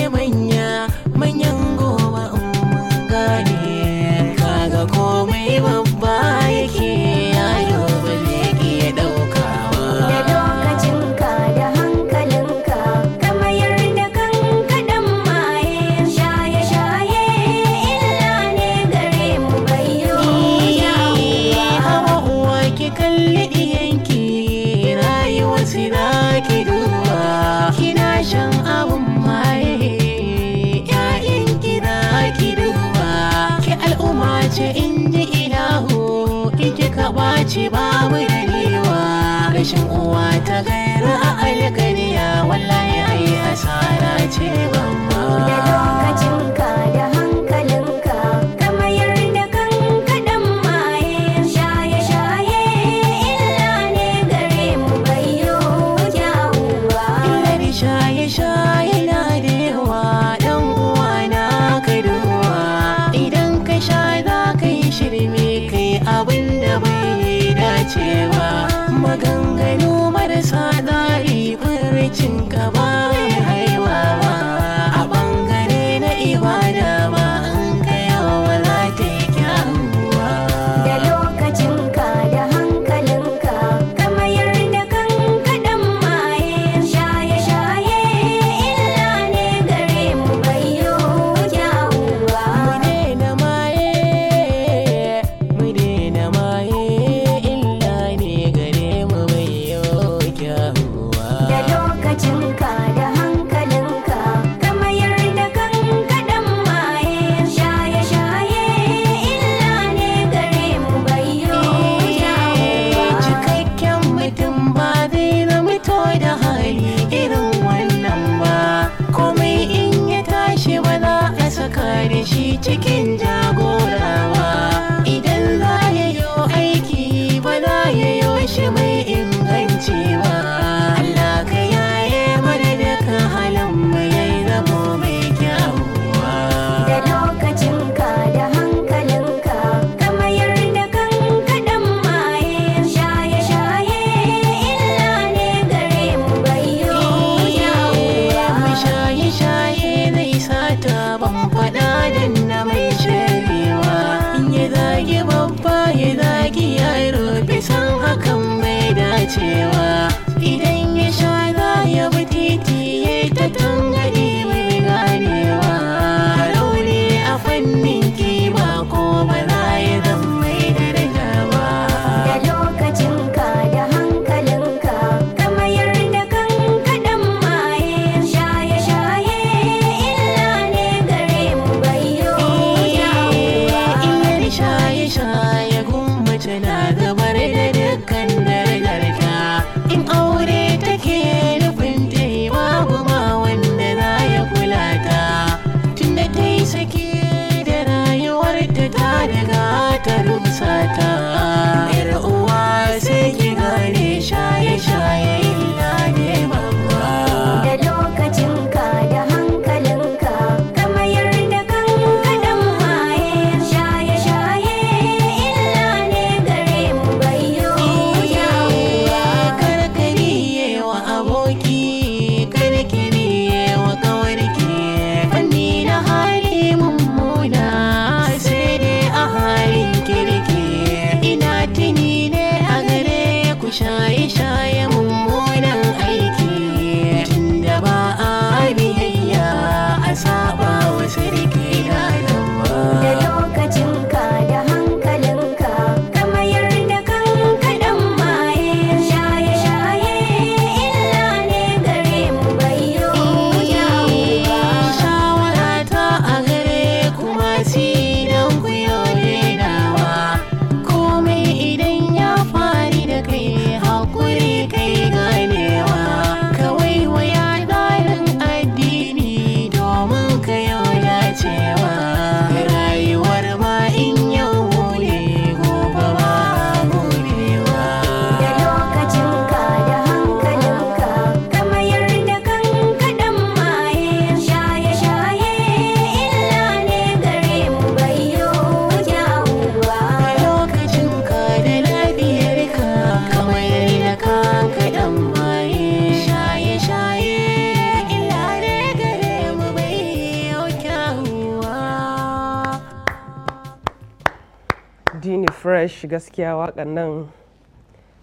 gaskiya wakan nan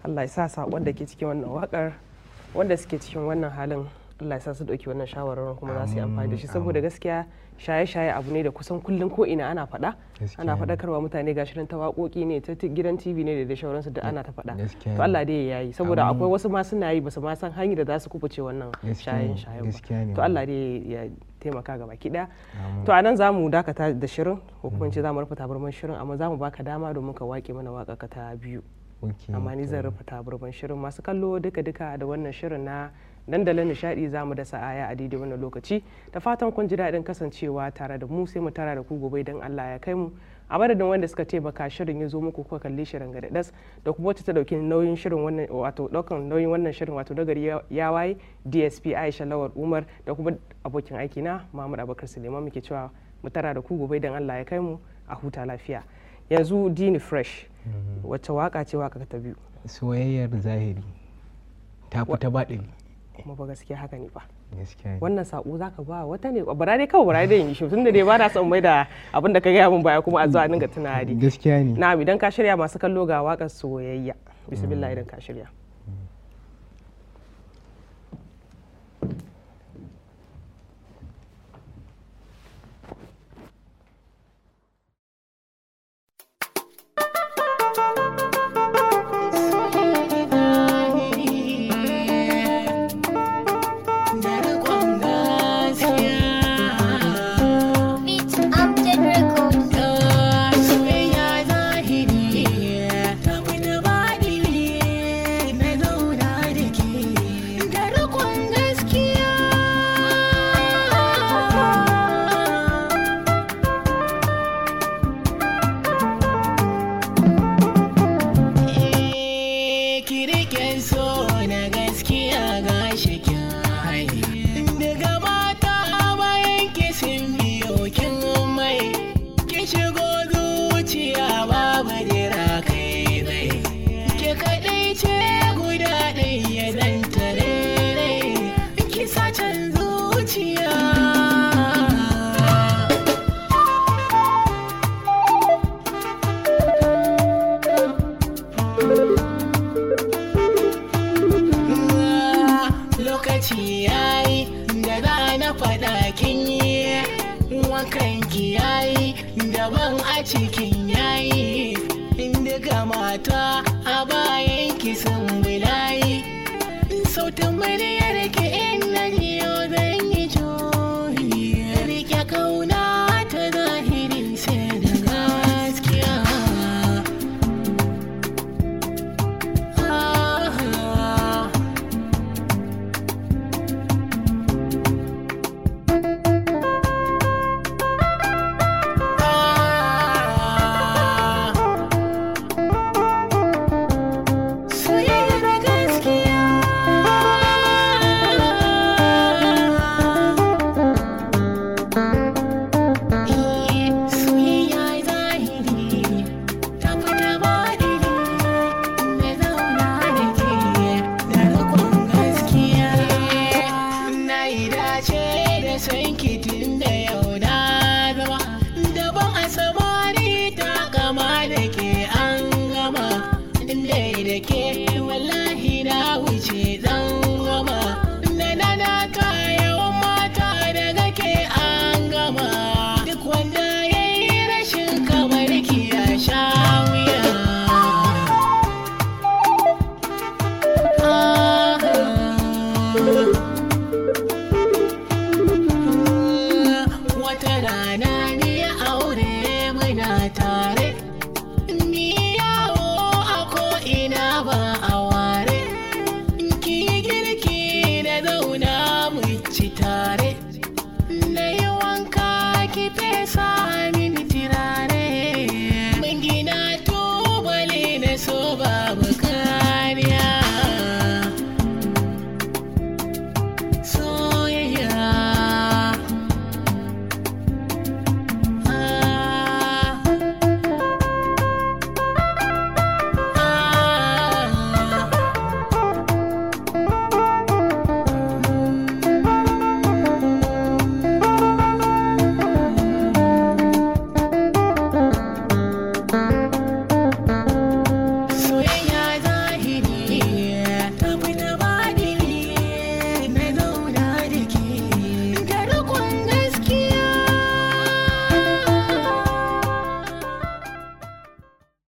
allah ya sa saƙon da ke cikin wannan waƙar wanda suke cikin wannan halin Allah ya sa su ɗauki wannan shawarar kuma za su yi amfani da shi saboda gaskiya shaye-shaye abu ne da kusan kullun ko ina ana fada ana faɗakarwa mutane gashi nan ta waƙoƙi ne ta gidan TV ne da shauransu da ana ta faɗa to Allah dai ya yi saboda akwai wasu ma suna yi basu ma san hanyar da za su kubuce wannan shaye-shaye ba to Allah dai ya taimaka ga baki daya to a nan zamu dakata da shirin ko kuma ce mm. za mu rufe tabarman shirin amma zamu baka dama domin ka waƙe mana waƙa ka ta biyu amma ni zan rufe tabarman shirin masu kallo duka-duka da wannan shirin na dandalin nishadi za mu dasa aya a daidai wannan lokaci ta fatan kun ji daɗin kasancewa tare da mu sai mu tara da ku gobe don Allah ya kai mu a madadin wanda suka taimaka shirin ya zo muku kuka kalli shirin ga das da kuma wacce ta ɗauki nauyin shirin wannan wato ɗaukan nauyin wannan shirin wato nagari ya waye DSP Aisha Lawal Umar da kuma abokin aiki na Mahmud Abubakar Suleiman muke cewa mu tara da ku gobe don Allah ya kai mu a huta lafiya yanzu Dini Fresh mhm. wacce waka ce waka ta biyu soyayyar zahiri ta fita baɗini kuma ba gaskiya haka ne ba wannan sako zaka ba wata ne bara dai kawai bara dai yin shi tunda dai ba na son mai da abin da ka gaya mun baya kuma a zuwa ninga tunani gaskiya ne na idan ka shirya masu kallo ga wakar soyayya bismillah idan ka shirya